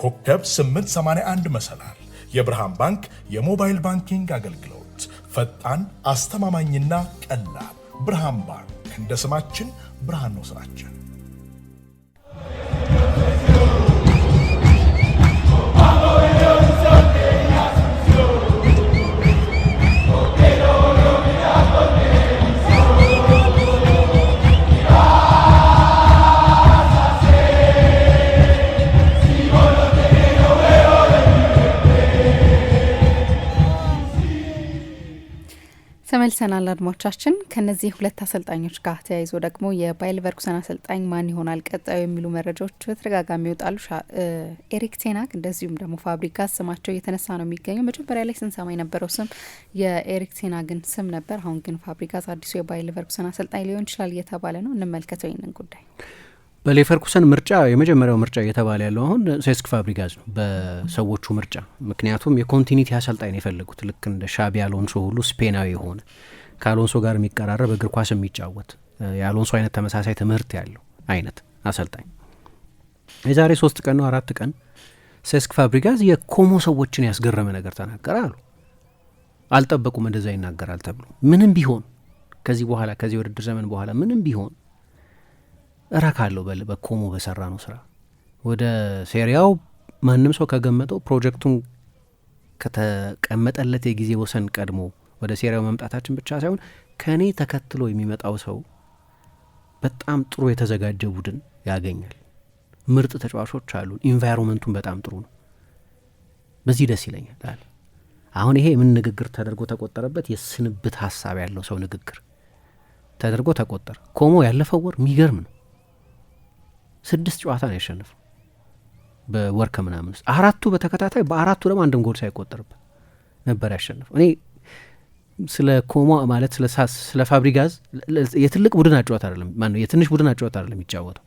ኮከብ 881 መሰላል የብርሃን ባንክ የሞባይል ባንኪንግ አገልግሎት ፈጣን፣ አስተማማኝና ቀላል። ብርሃን ባንክ እንደ ስማችን ብርሃን ነው ስራችን። ተመልሰናል አድማቻችን። ከነዚህ ሁለት አሰልጣኞች ጋር ተያይዞ ደግሞ የባየር ሌቨርኩሰን አሰልጣኝ ማን ይሆናል ቀጣዩ የሚሉ መረጃዎች በተደጋጋሚ ይወጣሉ። ኤሪክ ቴናግ እንደዚሁም ደግሞ ፋብሪጋስ ስማቸው እየተነሳ ነው የሚገኘው። መጀመሪያ ላይ ስንሰማ የነበረው ስም የኤሪክ ቴናግን ስም ነበር። አሁን ግን ፋብሪጋስ አዲሱ የባየር ሌቨርኩሰን አሰልጣኝ ሊሆን ይችላል እየተባለ ነው። እንመልከተው ይህንን ጉዳይ በሌቨርኩሰን ምርጫ የመጀመሪያው ምርጫ እየተባለ ያለው አሁን ሴስክ ፋብሪጋዝ ነው በሰዎቹ ምርጫ። ምክንያቱም የኮንቲኒቲ አሰልጣኝ የፈለጉት ልክ እንደ ሻቢ አሎንሶ ሁሉ ስፔናዊ የሆነ ከአሎንሶ ጋር የሚቀራረብ እግር ኳስ የሚጫወት የአሎንሶ አይነት ተመሳሳይ ትምህርት ያለው አይነት አሰልጣኝ። የዛሬ ሶስት ቀን ነው አራት ቀን ሴስክ ፋብሪጋዝ የኮሞ ሰዎችን ያስገረመ ነገር ተናገረ አሉ። አልጠበቁም እንደዛ ይናገራል ተብሎ ምንም ቢሆን ከዚህ በኋላ ከዚህ ውድድር ዘመን በኋላ ምንም ቢሆን እረካለሁ በል በኮሞ በሰራ ነው ስራ ወደ ሴሪያው ማንም ሰው ከገመጠው ፕሮጀክቱን ከተቀመጠለት የጊዜ ወሰን ቀድሞ ወደ ሴሪያው መምጣታችን ብቻ ሳይሆን ከእኔ ተከትሎ የሚመጣው ሰው በጣም ጥሩ የተዘጋጀ ቡድን ያገኛል። ምርጥ ተጫዋቾች አሉ ኢንቫይሮንመንቱን በጣም ጥሩ ነው። በዚህ ደስ ይለኛል አለ። አሁን ይሄ የምን ንግግር ተደርጎ ተቆጠረበት? የስንብት ሀሳብ ያለው ሰው ንግግር ተደርጎ ተቆጠረ። ኮሞ ያለፈው ወር የሚገርም ነው። ስድስት ጨዋታ ነው ያሸነፈው በወር ከምናምን ውስጥ አራቱ በተከታታይ በአራቱ ደግሞ አንድም ጎል ሳይቆጠርበት ነበር ያሸነፈው። እኔ ስለ ኮማ ማለት ስለ ፋብሪጋዝ የትልቅ ቡድን አጫወት አይደለም ማ የትንሽ ቡድን አጫወት አይደለም የሚጫወተው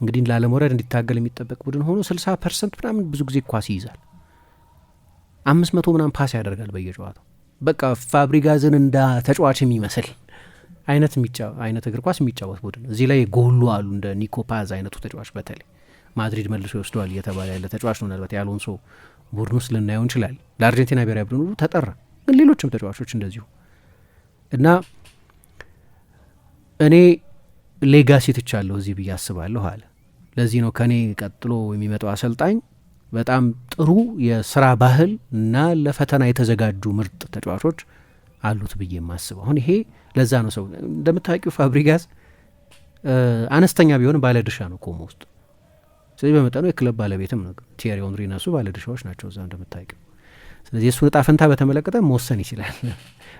እንግዲህ ላለመውረድ እንዲታገል የሚጠበቅ ቡድን ሆኖ ስልሳ ፐርሰንት ምናምን ብዙ ጊዜ ኳስ ይይዛል። አምስት መቶ ምናምን ፓስ ያደርጋል በየጨዋታው በቃ ፋብሪጋዝን እንዳ ተጫዋች የሚመስል አይነት አይነት እግር ኳስ የሚጫወት ቡድን እዚህ ላይ ጎሉ አሉ እንደ ኒኮፓዝ አይነቱ ተጫዋች በተለይ ማድሪድ መልሶ ይወስደዋል እየተባለ ያለ ተጫዋች ነው። ምናልባት የአሎንሶ ቡድን ውስጥ ልናየው እንችላለን። ለአርጀንቲና ብሔራዊ ቡድን ሁሉ ተጠራ፣ ግን ሌሎችም ተጫዋቾች እንደዚሁ እና እኔ ሌጋሲ ትቻለሁ እዚህ ብዬ አስባለሁ አለ። ለዚህ ነው ከኔ ቀጥሎ የሚመጣው አሰልጣኝ በጣም ጥሩ የስራ ባህል እና ለፈተና የተዘጋጁ ምርጥ ተጫዋቾች አሉት ብዬ የማስበው አሁን ይሄ ለዛ ነው ሰው እንደምታውቂው ፋብሪጋስ አነስተኛ ቢሆን ባለድርሻ ነው ኮሞ ውስጥ። ስለዚህ በመጠኑ የክለብ ባለቤትም ነው። ቲዬሪ ኦንሪ እነሱ ባለድርሻዎች ናቸው እዛ እንደምታውቂው። ስለዚህ የእሱን እጣ ፈንታ በተመለከተ መወሰን ይችላል።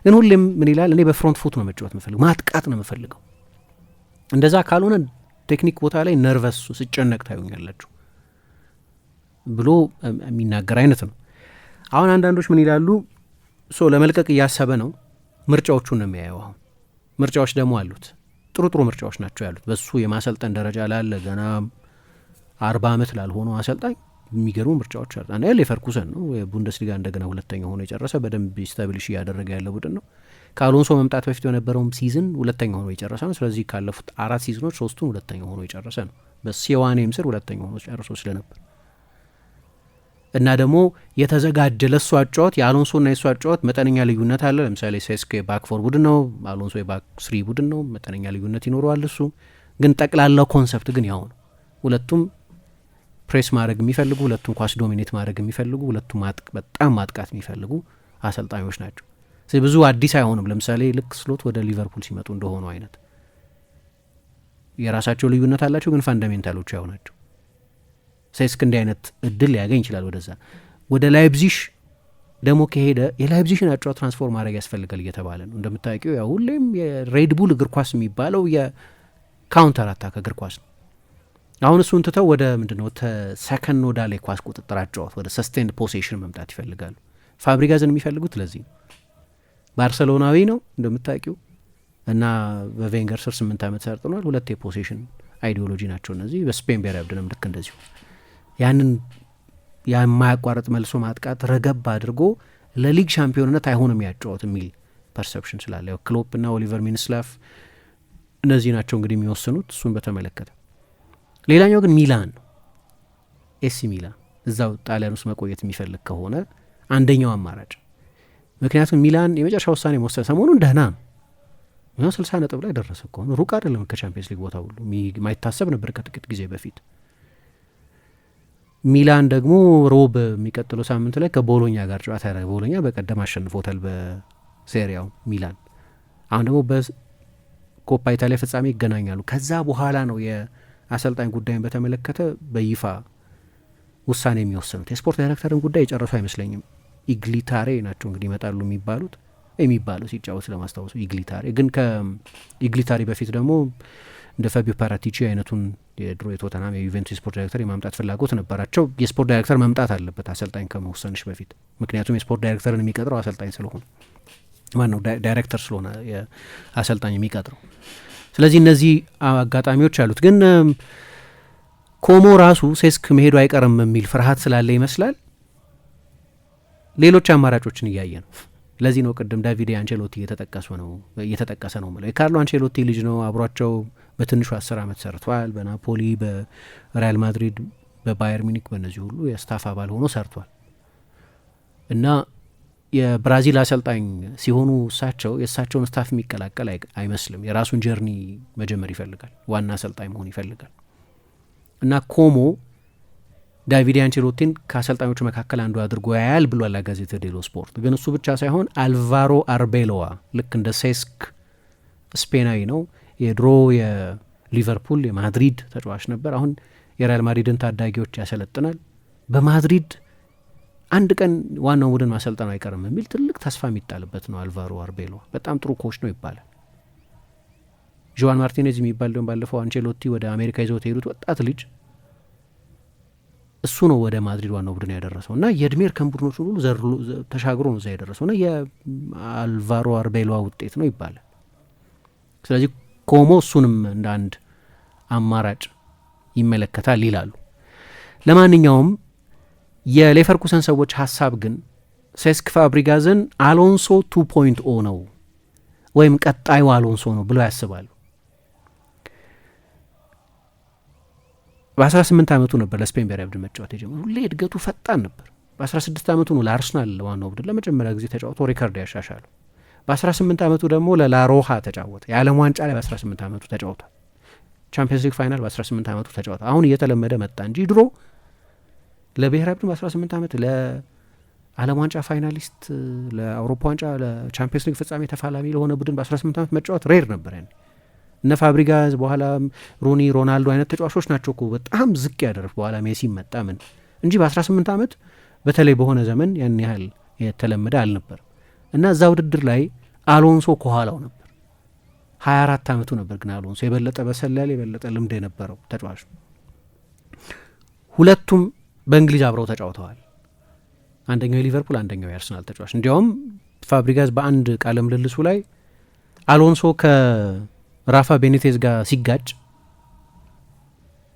ግን ሁሌም ምን ይላል? እኔ በፍሮንት ፉት ነው መጫወት የምፈልገው፣ ማጥቃት ነው የምፈልገው። እንደዛ ካልሆነ ቴክኒክ ቦታ ላይ ነርቨስ ስጨነቅ ታዩኛላችሁ ብሎ የሚናገር አይነት ነው። አሁን አንዳንዶች ምን ይላሉ? ሶ ለመልቀቅ እያሰበ ነው፣ ምርጫዎቹን ነው የሚያየው አሁን ምርጫዎች ደግሞ አሉት። ጥሩ ጥሩ ምርጫዎች ናቸው ያሉት። በሱ የማሰልጠን ደረጃ ላለ ገና አርባ ዓመት ላልሆነው አሰልጣኝ የሚገርሙ ምርጫዎች አሉ። አንደኛ ሌቨርኩሰን ነው የቡንደስሊጋ እንደገና ሁለተኛ ሆኖ የጨረሰ በደንብ ስታብሊሽ እያደረገ ያለ ቡድን ነው። ከአሎንሶ መምጣት በፊት የነበረውም ሲዝን ሁለተኛ ሆኖ የጨረሰ ነው። ስለዚህ ካለፉት አራት ሲዝኖች ሶስቱን ሁለተኛ ሆኖ የጨረሰ ነው። በሴዋኔም ስር ሁለተኛ ሆኖ ጨርሶ ስለነበር እና ደግሞ የተዘጋጀ ለእሱ አጫወት ና የእሱ አጫወት መጠነኛ ልዩነት አለ። ለምሳሌ ሴስክ የባክ ፎር ቡድን ነው፣ አሎንሶ የባክ ስሪ ቡድን ነው። መጠነኛ ልዩነት ይኖረዋል። እሱ ግን ጠቅላላው ኮንሰፕት ግን ያው ነው። ሁለቱም ፕሬስ ማድረግ የሚፈልጉ ሁለቱም ኳስ ዶሚኔት ማድረግ የሚፈልጉ ሁለቱም በጣም ማጥቃት የሚፈልጉ አሰልጣኞች ናቸው። ስለዚህ ብዙ አዲስ አይሆንም። ለምሳሌ ልክ ስሎት ወደ ሊቨርፑል ሲመጡ እንደሆኑ አይነት የራሳቸው ልዩነት አላቸው፣ ግን ፋንዳሜንታሎች ያው ናቸው። ሴስክ እንዲህ አይነት እድል ሊያገኝ ይችላል። ወደዛ ወደ ላይብዚሽ ደግሞ ከሄደ የላይብዚሽን አጫዋት ትራንስፎርም ማድረግ ያስፈልጋል እየተባለ ነው። እንደምታውቂው ያው ሁሌም የሬድቡል እግር ኳስ የሚባለው የካውንተር አታክ እግር ኳስ ነው። አሁን እሱን ትተው ወደ ምንድነው ተሰከንድ ወዳ ላይ ኳስ ቁጥጥር አጫዋት ወደ ሰስቴንድ ፖሴሽን መምጣት ይፈልጋሉ። ፋብሪጋዝን የሚፈልጉት ለዚህ ነው። ባርሰሎናዊ ነው እንደምታውቂው እና በቬንገር ስር ስምንት ዓመት ሰርጥኗል። ሁለት የፖሴሽን አይዲዮሎጂ ናቸው እነዚህ። በስፔን ብሔራዊ ቡድንም ልክ እንደዚሁ ያንን የማያቋርጥ መልሶ ማጥቃት ረገብ አድርጎ ለሊግ ሻምፒዮንነት አይሆንም ያጫወት የሚል ፐርሰፕሽን ስላለ ያው ና ኦሊቨር ሚንስላፍ እነዚህ ናቸው እንግዲህ የሚወስኑት እሱን በተመለከተ። ሌላኛው ግን ሚላን ነው። ኤሲ ሚላን እዛው ጣሊያን ውስጥ መቆየት የሚፈልግ ከሆነ አንደኛው አማራጭ ምክንያቱም ሚላን የመጨረሻ ውሳኔ መወሰን ሰሞኑን ደህና ነው ስልሳ ነጥብ ላይ ደረሰ ከሆነ ሩቅ አይደለም ከቻምፒየንስ ሊግ ቦታ ሁሉ ማይታሰብ ነበር ከጥቂት ጊዜ በፊት ሚላን ደግሞ ሮብ የሚቀጥለው ሳምንት ላይ ከቦሎኛ ጋር ጨዋታ ያደረገ ቦሎኛ በቀደም አሸንፎታል በሴሪያው ሚላን። አሁን ደግሞ በኮፓ ኢታሊያ ፍጻሜ ይገናኛሉ። ከዛ በኋላ ነው የአሰልጣኝ ጉዳይን በተመለከተ በይፋ ውሳኔ የሚወስኑት። የስፖርት ዳይሬክተርን ጉዳይ የጨረሱ አይመስለኝም። ኢግሊታሬ ናቸው እንግዲህ ይመጣሉ የሚባሉት የሚባለው ሲጫወት ለማስታወሱ ኢግሊታሪ ግን ከኢግሊታሪ በፊት ደግሞ እንደ ፋቢዮ ፓራቲቺ አይነቱን የድሮ የቶተናም የዩቬንቱስ የስፖርት ዳይሬክተር የማምጣት ፍላጎት ነበራቸው። የስፖርት ዳይሬክተር መምጣት አለበት አሰልጣኝ ከመወሰንሽ በፊት። ምክንያቱም የስፖርት ዳይሬክተርን የሚቀጥረው አሰልጣኝ ስለሆነ ማን ነው ዳይሬክተር ስለሆነ አሰልጣኝ የሚቀጥረው። ስለዚህ እነዚህ አጋጣሚዎች አሉት። ግን ኮሞ ራሱ ሴስክ መሄዱ አይቀርም የሚል ፍርሃት ስላለ ይመስላል ሌሎች አማራጮችን እያየ ነው። ለዚህ ነው ቅድም ዳቪድ አንቸሎቲ እየተጠቀሱ ነው እየተጠቀሰ ነው ምለው የካርሎ አንቸሎቲ ልጅ ነው። አብሯቸው በትንሹ አስር ዓመት ሰርቷል። በናፖሊ፣ በሪያል ማድሪድ፣ በባየር ሚኒክ በእነዚህ ሁሉ የስታፍ አባል ሆኖ ሰርቷል እና የብራዚል አሰልጣኝ ሲሆኑ እሳቸው የእሳቸውን ስታፍ የሚቀላቀል አይመስልም። የራሱን ጀርኒ መጀመር ይፈልጋል። ዋና አሰልጣኝ መሆን ይፈልጋል እና ኮሞ ዳቪድ አንቸሎቲን ከአሰልጣኞች መካከል አንዱ አድርጎ ያያል ብሏል ለጋዜጣ ዴሎ ስፖርት። ግን እሱ ብቻ ሳይሆን አልቫሮ አርቤሎዋ ልክ እንደ ሴስክ ስፔናዊ ነው። የድሮ የሊቨርፑል የማድሪድ ተጫዋች ነበር። አሁን የሪያል ማድሪድን ታዳጊዎች ያሰለጥናል። በማድሪድ አንድ ቀን ዋናው ቡድን ማሰልጠኑ አይቀርም የሚል ትልቅ ተስፋ የሚጣልበት ነው። አልቫሮ አርቤሎዋ በጣም ጥሩ ኮች ነው ይባላል። ጆዋን ማርቲኔዝ የሚባል ባለፈው አንቼሎቲ ወደ አሜሪካ ይዘውት የሄዱት ወጣት ልጅ እሱ ነው ወደ ማድሪድ ዋናው ቡድን ያደረሰው እና የእድሜ እርከን ቡድኖች ሁሉ ተሻግሮ ነው እዛ የደረሰው እና የአልቫሮ አርቤሏ ውጤት ነው ይባላል። ስለዚህ ኮሞ እሱንም እንደ አንድ አማራጭ ይመለከታል ይላሉ። ለማንኛውም የሌቨርኩሰን ሰዎች ሀሳብ ግን ሴስክ ፋብሪጋዝን አሎንሶ ቱ ፖይንት ኦ ነው ወይም ቀጣዩ አሎንሶ ነው ብለው ያስባሉ። በ18 ዓመቱ ነበር ለስፔን ብሔራዊ ቡድን መጫወት የጀመረው። ሁሌ እድገቱ ፈጣን ነበር። በ16 ዓመቱ ነው ለአርስናል ዋናው ቡድን ለመጀመሪያ ጊዜ ተጫውቶ ሪከርድ ያሻሻሉ። በ18 ዓመቱ ደግሞ ለላሮሃ ተጫወተ። የዓለም ዋንጫ ላይ በ18 ዓመቱ ተጫውቷል። ቻምፒየንስ ሊግ ፋይናል በ18 ዓመቱ ተጫወተ። አሁን እየተለመደ መጣ እንጂ ድሮ ለብሔራዊ ቡድን በ18 ዓመት ለዓለም ዋንጫ ፋይናሊስት፣ ለአውሮፓ ዋንጫ፣ ለቻምፒየንስ ሊግ ፍጻሜ ተፋላሚ ለሆነ ቡድን በ18 ዓመት መጫወት ሬር ነበር ያኔ እነ ፋብሪጋዝ በኋላ ሮኒ ሮናልዶ አይነት ተጫዋቾች ናቸው በጣም ዝቅ ያደረፍ በኋላ ሜሲ መጣ ምን እንጂ በ18 ዓመት በተለይ በሆነ ዘመን ያን ያህል የተለመደ አልነበርም እና እዛ ውድድር ላይ አሎንሶ ከኋላው ነበር። 24 ዓመቱ ነበር ግን አሎንሶ የበለጠ በሰለል የበለጠ ልምድ የነበረው ተጫዋች ሁለቱም በእንግሊዝ አብረው ተጫውተዋል። አንደኛው የሊቨርፑል አንደኛው የአርሰናል ተጫዋች እንዲያውም ፋብሪጋዝ በአንድ ቃለ ምልልሱ ላይ አሎንሶ ከ ራፋ ቤኔቴዝ ጋር ሲጋጭ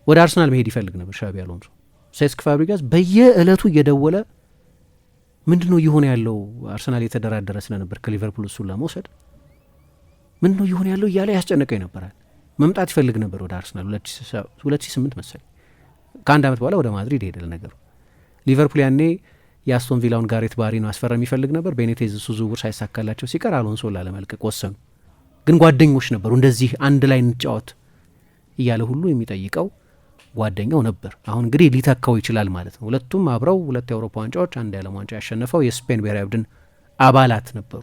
ወደ አርሰናል መሄድ ይፈልግ ነበር ሻቢ አሎንሶ። ሴስክ ፋብሪጋስ በየእለቱ እየደወለ ምንድነው እየሆነ ያለው አርሰናል የተደራደረ ስለነበር ከሊቨርፑል እሱን ለመውሰድ ምንድነው እየሆነ ያለው እያለ ያስጨነቀው ይነበራል። መምጣት ይፈልግ ነበር ወደ አርሰናል ስምንት መሰለኝ። ከአንድ ዓመት በኋላ ወደ ማድሪድ ሄደ። ለነገሩ ሊቨርፑል ያኔ የአስቶን ቪላውን ጋሬት ባሪ ነው አስፈረም ይፈልግ ነበር። ቤኔቴዝ እሱ ዝውውር ሳይሳካላቸው ሲቀር አሎንሶ ላለመልቀቅ ወሰኑ። ግን ጓደኞች ነበሩ። እንደዚህ አንድ ላይ እንጫወት እያለ ሁሉ የሚጠይቀው ጓደኛው ነበር። አሁን እንግዲህ ሊተካው ይችላል ማለት ነው። ሁለቱም አብረው ሁለት የአውሮፓ ዋንጫዎች፣ አንድ የዓለም ዋንጫ ያሸነፈው የስፔን ብሔራዊ ቡድን አባላት ነበሩ።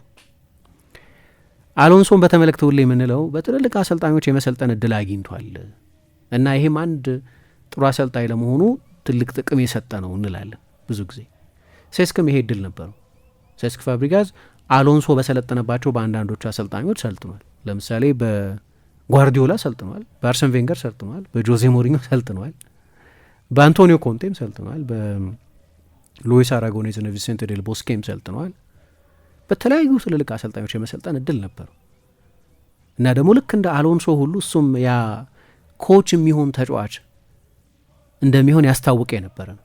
አሎንሶን በተመለከተ ሁሌ የምንለው በትልልቅ አሰልጣኞች የመሰልጠን እድል አግኝቷል እና ይህም አንድ ጥሩ አሰልጣኝ ለመሆኑ ትልቅ ጥቅም የሰጠ ነው እንላለን ብዙ ጊዜ። ሴስክም ይሄ እድል ነበረው። ሴስክ ፋብሪጋዝ አሎንሶ በሰለጠነባቸው በአንዳንዶቹ አሰልጣኞች ሰልጥኗል። ለምሳሌ በጓርዲዮላ ሰልጥኗል፣ በአርሰን ቬንገር ሰልጥኗል፣ በጆዜ ሞሪኞ ሰልጥኗል፣ በአንቶኒዮ ኮንቴም ሰልጥኗል፣ በሉዊስ አራጎኔዝ ና ቪሴንት ዴል ቦስኬም ሰልጥኗል። በተለያዩ ትልልቅ አሰልጣኞች የመሰልጠን እድል ነበረው እና ደግሞ ልክ እንደ አሎንሶ ሁሉ እሱም ያ ኮች የሚሆን ተጫዋች እንደሚሆን ያስታወቀ የነበረ ነው።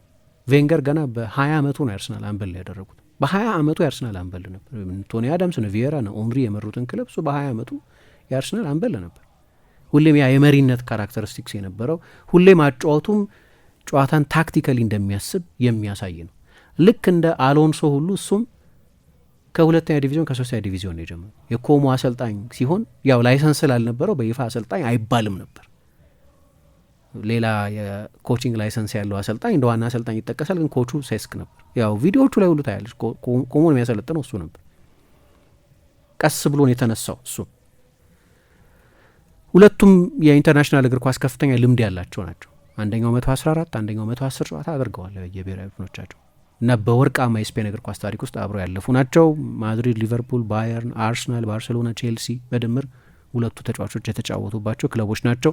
ቬንገር ገና በሀያ አመቱ ነው አርሰናል አምበል ያደረጉት። በሀያ አመቱ የአርሰናል አንበል ነበር። ቶኒ አዳምስ ነው፣ ቪየራ ነው፣ ኦንሪ የመሩትን ክለብ እሱ በሀያ አመቱ የአርሰናል አንበል ነበር። ሁሌም ያ የመሪነት ካራክተሪስቲክስ የነበረው ሁሌም አጫወቱም ጨዋታን ታክቲካሊ እንደሚያስብ የሚያሳይ ነው። ልክ እንደ አሎንሶ ሁሉ እሱም ከሁለተኛ ዲቪዚዮን ከሶስተኛ ዲቪዚዮን ነው የጀመረው። የኮሞ አሰልጣኝ ሲሆን ያው ላይሰንስ ስላልነበረው በይፋ አሰልጣኝ አይባልም ነበር። ሌላ የኮቺንግ ላይሰንስ ያለው አሰልጣኝ እንደ ዋና አሰልጣኝ ይጠቀሳል። ግን ኮቹ ሴስክ ነበር። ያው ቪዲዮዎቹ ላይ ሁሉ ታያለች። ቆሞ ነው የሚያሰለጥነው እሱ ነበር። ቀስ ብሎን የተነሳው እሱ። ሁለቱም የኢንተርናሽናል እግር ኳስ ከፍተኛ ልምድ ያላቸው ናቸው። አንደኛው መቶ አስራ አራት አንደኛው መቶ አስር ጨዋታ አድርገዋል የብሔራዊ ቡድኖቻቸው እና በወርቃማ የስፔን እግር ኳስ ታሪክ ውስጥ አብረው ያለፉ ናቸው። ማድሪድ፣ ሊቨርፑል፣ ባየርን፣ አርሰናል፣ ባርሴሎና፣ ቼልሲ በድምር ሁለቱ ተጫዋቾች የተጫወቱባቸው ክለቦች ናቸው።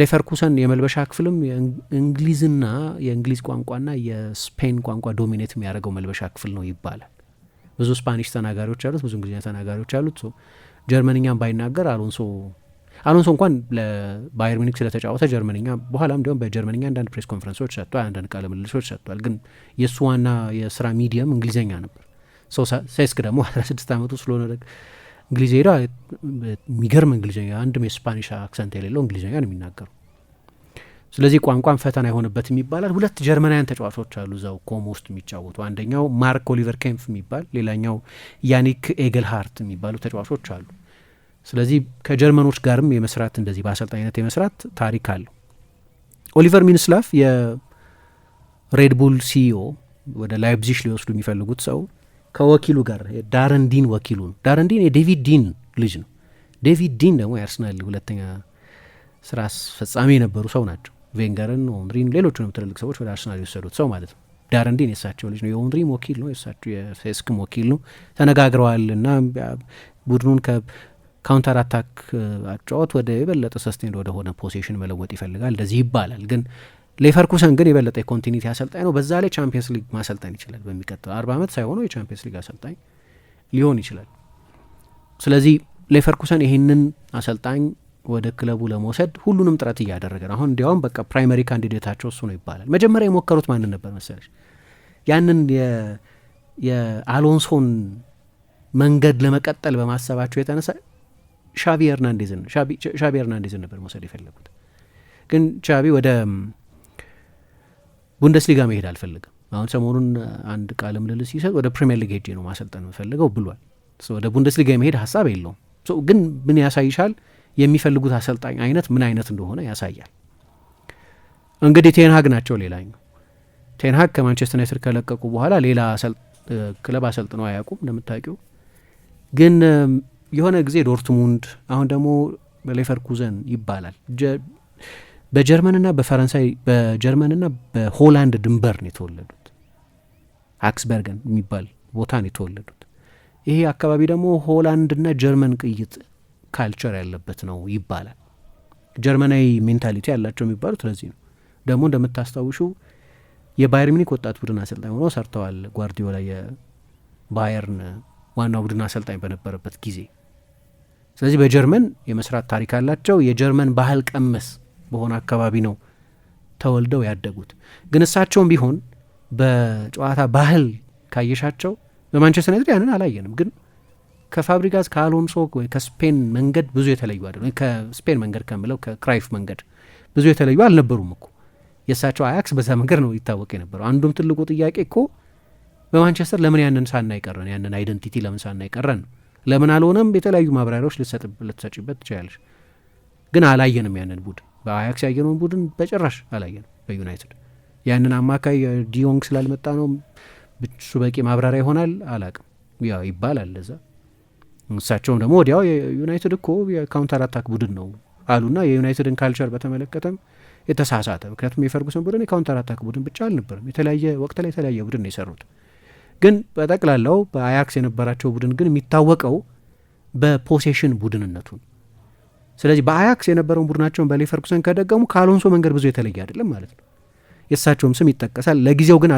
ሌቨርኩሰን የመልበሻ ክፍልም የእንግሊዝና የእንግሊዝ ቋንቋና የስፔን ቋንቋ ዶሚኔት የሚያደርገው መልበሻ ክፍል ነው ይባላል። ብዙ ስፓኒሽ ተናጋሪዎች አሉት፣ ብዙ እንግሊዝኛ ተናጋሪዎች አሉት። ጀርመንኛም ባይናገር አሎንሶ አሎንሶ እንኳን ለባየር ሚኒክ ስለተጫወተ ጀርመንኛ በኋላም እንዲሁም በጀርመንኛ አንዳንድ ፕሬስ ኮንፈረንሶች ሰጥቷል፣ አንዳንድ ቃለ ምልልሶች ሰጥቷል። ግን የእሱ ዋና የስራ ሚዲየም እንግሊዝኛ ነበር። ሴስክ ደግሞ 16 ዓመቱ ስለሆነ እንግሊዝኛ የሚገርም እንግሊዝኛ አንድም የስፓኒሽ አክሰንት የሌለው እንግሊዝኛ ነው የሚናገሩ። ስለዚህ ቋንቋን ፈተና የሆነበት ይባላል። ሁለት ጀርመናውያን ተጫዋቾች አሉ እዛው ኮሞ ውስጥ የሚጫወቱ አንደኛው ማርክ ኦሊቨር ኬምፍ የሚባል ሌላኛው ያኒክ ኤግልሃርት የሚባሉ ተጫዋቾች አሉ። ስለዚህ ከጀርመኖች ጋርም የመስራት እንደዚህ በአሰልጣኝነት የመስራት ታሪክ አለው። ኦሊቨር ሚንስላፍ የሬድቡል ሲኢኦ ወደ ላይፕዚሽ ሊወስዱ የሚፈልጉት ሰው ከወኪሉ ጋር ዳረን ዲን ወኪሉ ነው። ዳረን ዲን የዴቪድ ዲን ልጅ ነው። ዴቪድ ዲን ደግሞ የአርሰናል ሁለተኛ ስራ አስፈጻሚ የነበሩ ሰው ናቸው። ቬንገርን፣ ኦንሪን፣ ሌሎቹንም ትልልቅ ሰዎች ወደ አርሰናል የወሰዱት ሰው ማለት ነው። ዳረን ዲን የሳቸው ልጅ ነው። የኦንሪም ወኪል ነው። የሳቸው የሴስክም ወኪል ነው። ተነጋግረዋል እና ቡድኑን ከካውንተር አታክ አጫወት ወደ የበለጠ ሰስቴንድ ወደሆነ ፖሴሽን መለወጥ ይፈልጋል። እንደዚህ ይባላል ግን ሌቨርኩሰን ግን የበለጠ የኮንቲኒቲ አሰልጣኝ ነው። በዛ ላይ ቻምፒየንስ ሊግ ማሰልጠን ይችላል። በሚቀጥለው አርባ ዓመት ሳይሆነው የቻምፒየንስ ሊግ አሰልጣኝ ሊሆን ይችላል። ስለዚህ ሌቨርኩሰን ይህንን አሰልጣኝ ወደ ክለቡ ለመውሰድ ሁሉንም ጥረት እያደረገ ነው። አሁን እንዲያውም በቃ ፕራይመሪ ካንዲዴታቸው እሱ ነው ይባላል። መጀመሪያ የሞከሩት ማንን ነበር መሰለች? ያንን የአሎንሶን መንገድ ለመቀጠል በማሰባቸው የተነሳ ሻቢ ሄርናንዴዝን ሻቢ ሄርናንዴዝን ነበር መውሰድ የፈለጉት ግን ሻቢ ወደ ቡንደስሊጋ መሄድ አልፈልግም፣ አሁን ሰሞኑን አንድ ቃለ ምልልስ ሲሰጥ ወደ ፕሪምየር ሊግ ሄጄ ነው ማሰልጠን የምፈልገው ብሏል። ወደ ቡንደስሊጋ የመሄድ ሀሳብ የለውም። ግን ምን ያሳይሻል? የሚፈልጉት አሰልጣኝ አይነት ምን አይነት እንደሆነ ያሳያል። እንግዲህ ቴንሃግ ናቸው ሌላኛው። ቴንሃግ ከማንቸስተር ዩናይትድ ከለቀቁ በኋላ ሌላ ክለብ አሰልጥነው አያውቁም እንደምታውቂው። ግን የሆነ ጊዜ ዶርትሙንድ፣ አሁን ደግሞ ሌቨርኩዘን ይባላል በጀርመንና በፈረንሳይ በጀርመንና በሆላንድ ድንበር ነው የተወለዱት። አክስበርገን የሚባል ቦታ ነው የተወለዱት። ይሄ አካባቢ ደግሞ ሆላንድና ጀርመን ቅይጥ ካልቸር ያለበት ነው ይባላል። ጀርመናዊ ሜንታሊቲ ያላቸው የሚባሉት ለዚህ ነው። ደግሞ እንደምታስታውሹ የባየር ሚኒክ ወጣት ቡድን አሰልጣኝ ሆኖ ሰርተዋል። ጓርዲዮላ የባየርን ዋና ቡድን አሰልጣኝ በነበረበት ጊዜ። ስለዚህ በጀርመን የመስራት ታሪክ አላቸው። የጀርመን ባህል ቀመስ በሆነ አካባቢ ነው ተወልደው ያደጉት። ግን እሳቸውም ቢሆን በጨዋታ ባህል ካየሻቸው በማንቸስተር ዩናይትድ ያንን አላየንም። ግን ከፋብሪጋስ ከአሎንሶ ወይ ከስፔን መንገድ ብዙ የተለዩ አይደሉ። ከስፔን መንገድ ከምለው ከክራይፍ መንገድ ብዙ የተለዩ አልነበሩም እኮ የእሳቸው አያክስ በዛ መንገድ ነው ይታወቅ የነበረው። አንዱም ትልቁ ጥያቄ እኮ በማንቸስተር ለምን ያንን ሳናይቀረን ያንን አይደንቲቲ ለምን ሳናይቀረን ለምን አልሆነም? የተለያዩ ማብራሪያዎች ልትሰጭበት ትችላለች፣ ግን አላየንም ያንን ቡድን በአያክስ ያየነውን ቡድን በጭራሽ አላየንም በዩናይትድ ያንን አማካይ ዲዮንግ ስላልመጣ ነው እሱ በቂ ማብራሪያ ይሆናል አላቅም ያው ይባላል ለዛ እሳቸውም ደግሞ ወዲያው ዩናይትድ እኮ የካውንተር አታክ ቡድን ነው አሉና የዩናይትድን ካልቸር በተመለከተም የተሳሳተ ምክንያቱም የፈርጉሰን ቡድን የካውንተር አታክ ቡድን ብቻ አልነበርም። የተለያየ ወቅት ላይ የተለያየ ቡድን የሰሩት። ግን በጠቅላላው በአያክስ የነበራቸው ቡድን ግን የሚታወቀው በፖሴሽን ቡድንነቱን ስለዚህ በአያክስ የነበረውን ቡድናቸውን በሌቨርኩሰን ከደገሙ ከአሎንሶ መንገድ ብዙ የተለየ አይደለም ማለት ነው። የእሳቸውም ስም ይጠቀሳል። ለጊዜው ግን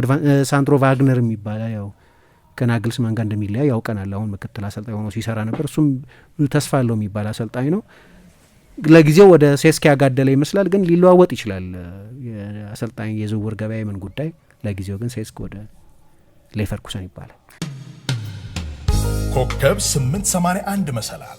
ሳንድሮ ቫግነር የሚባለ ያው ከናግልስማን ጋር እንደሚለያ ያውቀናል። አሁን ምክትል አሰልጣኝ ሆኖ ሲሰራ ነበር። እሱም ብዙ ተስፋ አለው የሚባል አሰልጣኝ ነው። ለጊዜው ወደ ሴስኪ ያጋደለ ይመስላል፣ ግን ሊለዋወጥ ይችላል። የአሰልጣኝ የዝውውር ገበያ የምን ጉዳይ። ለጊዜው ግን ሴስክ ወደ ሌቨርኩሰን ይባላል። ኮከብ 881 መሰላል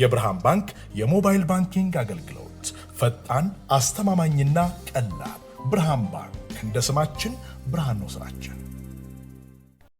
የብርሃን ባንክ የሞባይል ባንኪንግ አገልግሎት ፈጣን፣ አስተማማኝና ቀላል። ብርሃን ባንክ እንደ ስማችን ብርሃን ነው ስራችን።